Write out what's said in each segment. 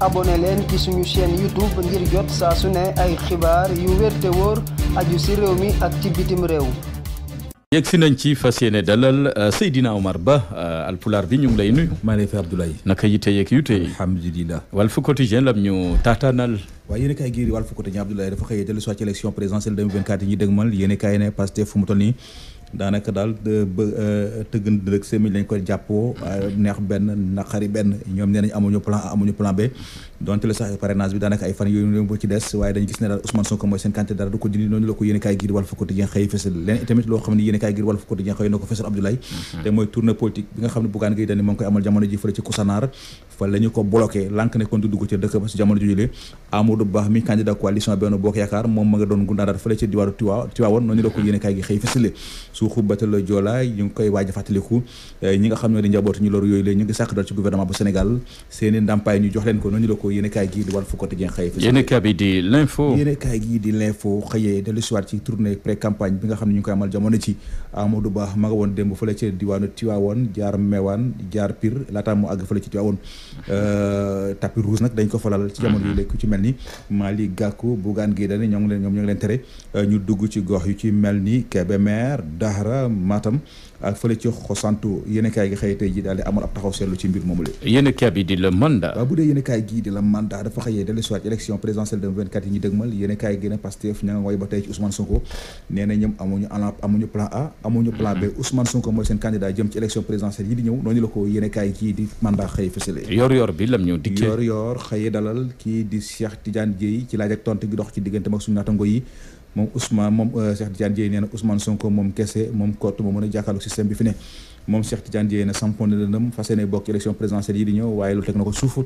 abonné leen ci suñu chaîne YouTube ngir jot saa su ne ay xibaar yu wér te wóor aju si réew mi ak ci bitim réew. yegg si nañ ci fa yéene dalal euh, Seydina Omar Ba euh, alpulaar bi ñu ngi lay nuyu. maa ngi lay fay Abdoulaye. naka yitte yeeg yu tey. alhamdulilah. Walf Quotidien lam ñu taataanal. waaye yéen a kaay gii di Walf Quotidien Abdoulaye dafa xëy dellu si ci élection présidentielle 2024 yi ñu dégmal yéen a kaay ne Pastef fu mu toll nii. daanaka daal ba euh, tëggan dëgg semi lañ koy jàppoo mm-hmm. neex benn naqari benn ñoom nee amuñu plan A donte la sax parrainage bi daanaka ay fan yooyu bo ci des waaye dañu gis ne daal Ousmane Sonko mooy seen candidat dara du ko dindi noonu la ko yéene kaay giir Walf Quotidien xëy fësal leneen tamit loo xam ne yéene kaay giir Walf Quotidien xëy na ko fësal Abdoulaye mm-hmm. te mooy tournée politique bi nga xam ne Bougane Gueye Dany moo ngi koy amal jamono fa la ñu ko bloqué lank ne kon du dugg ca dëkk ba si jamono jujule Amadou Ba mi candidat coalition Benno Bokk Yaakaar moom ma nga doon gundaandaat fële a fàttaliku eh, nga xam ne di njabootu ñu loru yooyu la ñu ngi sàkk ci dellu si waat ci tournée pré campagne bi nga xam ma nga woon démb fële ca diwaanu Tiwaawoon jaar Meewaan jaar Pire laata mu àgg fële ci Tiwaawoon Euh, tapis rouge nag dañ ko falal ci jamono mhm. yi ku ci mel ni Mali Gakou Bougane Guèye Dany ñoom ñoo ngi leen euh, ci gox yu ci mel ni ñoom amuñu plan A amuñu plan B mhm. Ousmane Sonko mooy seen candidat jëm ci élection présidentielle yi di ñëw noonu la ko yéen gii di mandat xëy fësale yor-yor bi lam ñoo dikkee yor-yor xëy dalal kii di Cheikh Tidiane Dièye ci laaj ak tontu gi dox ci diggante mag suñu naataango yi. moom Ousmane moom euh, Cheikh Tidiane Dièye nee na Ousmane Sonko moom kese moom kott moo mën a jàkkaarloog système bi fi ne moom Cheikh Tidiane Dièye na sampoon na dëndam fas yéene bokk ci élection présidentielle yi di ñëw waaye loolu teg na ko suuf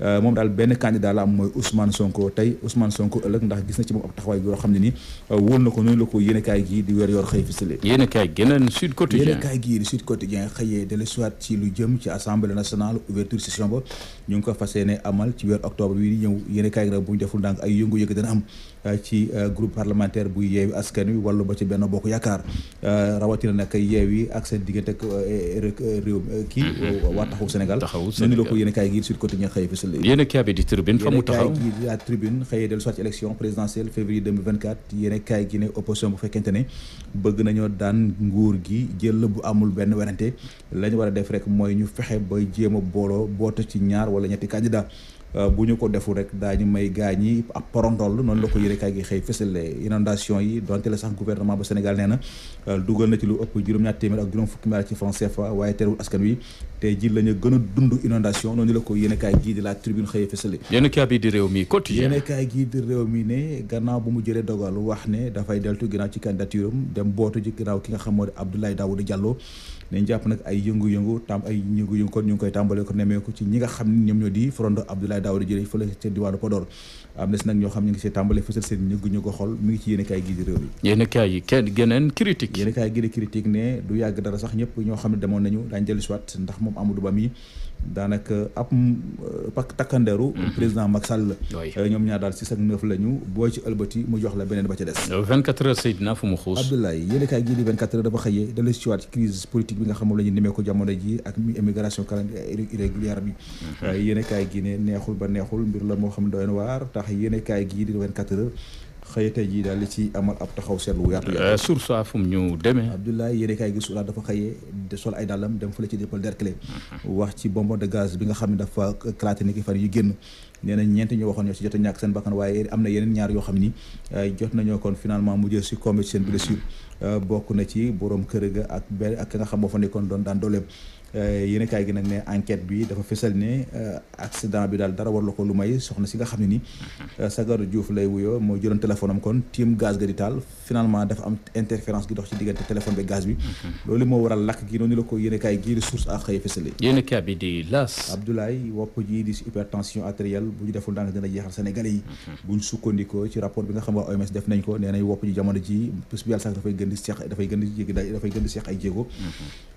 euh, moom daal benn candidat la am mooy Ousmane Sonko tey Ousmane Sonko ëllëg ndax gis na ci moom ab taxawaay yoo xam ne nii euh, wóor na ko noonu la ko yéen a di weer yor xëy fisale yéen a di Sud Quotidien xëyee parlementaire bu yeewi askan wi wàllu ba ci benn bokk yaakaar euh, rawatina nag yeewi ak seen diggante ak euh, euh, réew kii mhm. waa taxaw Sénégal ñu la ko yéen a kaay gi Sud Quotidien xëy fisal yéen a kaay kaay gi la tribune xëy dellu soit ci élection présidentielle février 2024 yéen a kaay gi ne opposition bu fekkente ne bëgg nañoo daan nguur gi jël bu amul benn werante la ñu war a def rek mooy ñu fexe ba jéem a booloo boota ci ñaar wala ñetti candidat Euh, bu ñu ko deful rek daañu may gaañ yi ab porondol noonu la ko yërekaay gi xëy fësale inondation yi donte la sax gouvernement ba Sénégal nee na euh, dugal na ci lu ëpp juróom-ñaar téeméer a bi di réew mi quotidien yërekaay gannaaw bu mu jëlee dogal wax ne dafay deltu ginnaaw ci candidature dem bootu ci ginnaaw ki nga xam di Abdoulaye Daouda Diallo nañ jàpp nag ay yëngu-yëngu kon ñu koy tàmbalee ko ci ñi nga xam ne ñoom ñoo di frondo Abdoulaye daaw di jëlee fële am na si nag ñoo xam ñu ngi si tàmbale fësal seen ñëgg ñu ko xol mi ngi ci yéen kaay gi réew mi yéen kaay yi kenn geneen critique yéen kaay gi di ne du yàgg dara sax ñëpp ñoo xam ne demoon nañu daañ dellusiwaat ndax moom Amadou Ba mi daanaka ab euh, pak takkandeeru mhm. président Macky Sall la euh, ñoom ñaar daal six ak neuf la ñu boo ci ëlbati mu jox la beneen ba ca des 24 euh, heures Seydina fu mu xuus Abdoulaye yéeni kaay gii di 24 heures dafa xëyee dala si waat ci crise politique bi nga xam moom la jamono ji ak mi émigration clandrière irrégulière bi mhm. yéeni kaay gii ne neexul ba neexul mbir la moo xam doyen waar tax yéeni kaay gii di 24 heures xëy tey jii daal di ci amal ab taxaw seetlu wu yaatu yaatu. Euh, suuf saa fu mu ñu demee. Abdoulaye yéen kay gis dafa xëyee de sol ay dàllam dem fële ci dépôt Derklé mm-hmm. wax ci bonbonne de gaz bi nga xam ne dafa éclaté ni ki fan yu génn. nee nañ ñeent ñoo waxoon ñoo si jot a ñàkk seen bakkan waaye am na yeneen ñaar yoo xam ni jot nañoo kon finalement mujjee si combe ci seen blessure euh, bokk na ci boroom kër ga ak benn ak ki nga xam moo fa nekkoon doon daan dooleem. Euh, yéen kaay gi nag ne enquête bi dafa fësal ne euh, accident bi daal dara war la ko lu may soxna si nga xam ne ni euh, Sagar Diouf lay wuyoo moo jëloon téléphone am kon tiim gaz ga di taal finalement dafa am interférence gi dox ci diggante téléphone bi gaz bi loolu moo waral lakk gi noonu la ko yéen kaay gii di source à xëy fësale yéen kaay bu ñu deful daanaka dina jeexal Sénégalais yi buñ sukkandikoo ci rapport nga xam waa OMS def ko nee nañ wopp ji jamono ji plus bi yàlla sax dafay gën di seex dafay gën di dafay gën di seex ay jéego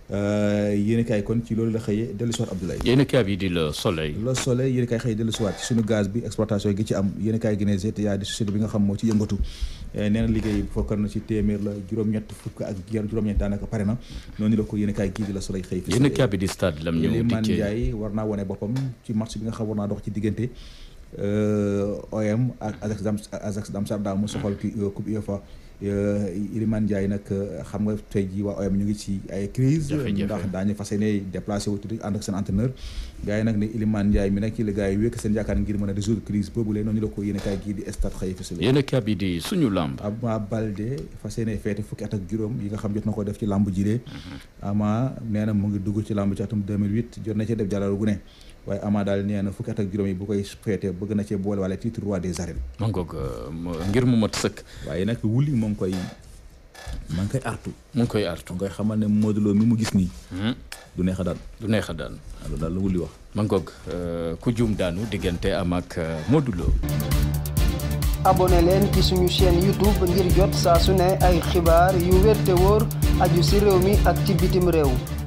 Euh, yéen kaay kon ci loolu la xëyee dellu si waat Abdoulaye. yéen kaay di Le Soleil. Le Soleil yéen kaay xëyee dellu si waat ci gaz bi exploitation gi ci am yéen kaay gi ne GTA di société bi nga xam moo ci yëngatu euh, nee na liggéey fokkar na ci téeméer la juróom-ñett fukk ak juróom-ñett daanaka pare na noonu la ko yéen kaay gii di Le Soleil xëy. yéen kaay bi di stade lam ñëw Iliman Ndiaye war naa wone boppam ci match bi nga xam war naa dox ci diggante euh, OM ak Ajax Amsterdam mu Euh, Iliman Ndiaye nag euh, xam nga tey jii waa OM ñu ngi ci ay crise ndax daañu fas yéene déplacé wu tuuti ànd ak seen entraîneur gars yi nag ne Iliman Ndiaye mi nag ci la gars yi wékk seen yaakaar ngir mën a résoudre crise boobu lee noonu la ko yéene kaay gii di stade xëy fi sulu yéene kaay di suñu lamb Ama Baldé fas yéene feete fukki at juróom yi nga xam jot na ko def ci lamb ji mhm. Ama nee na mu ngi dugg ci lamb ci atum 2008 jot na ci def jàllalu gu ne waaye amaa daal nee na fukki at ak juróom yi bu koy feete bëgg na cee boole wala titre roi des arènes. ma euh, ngir mu mat sëkk. waaye nag wuli moo ngi koy maa koy artu. mu koy artu nga xamal ne Modou Lo mi mu gis nii. Hmm? du neex a daan. du neex a daan. alors daal lu wax. ma ngoog euh, ku juum daanu diggante am ak euh, Modou Lo. abonné leen ci suñu chaîne YouTube ngir jot saa su ne ay xibaar yu wér te wóor aju ci réew mi ak ci bitim réew.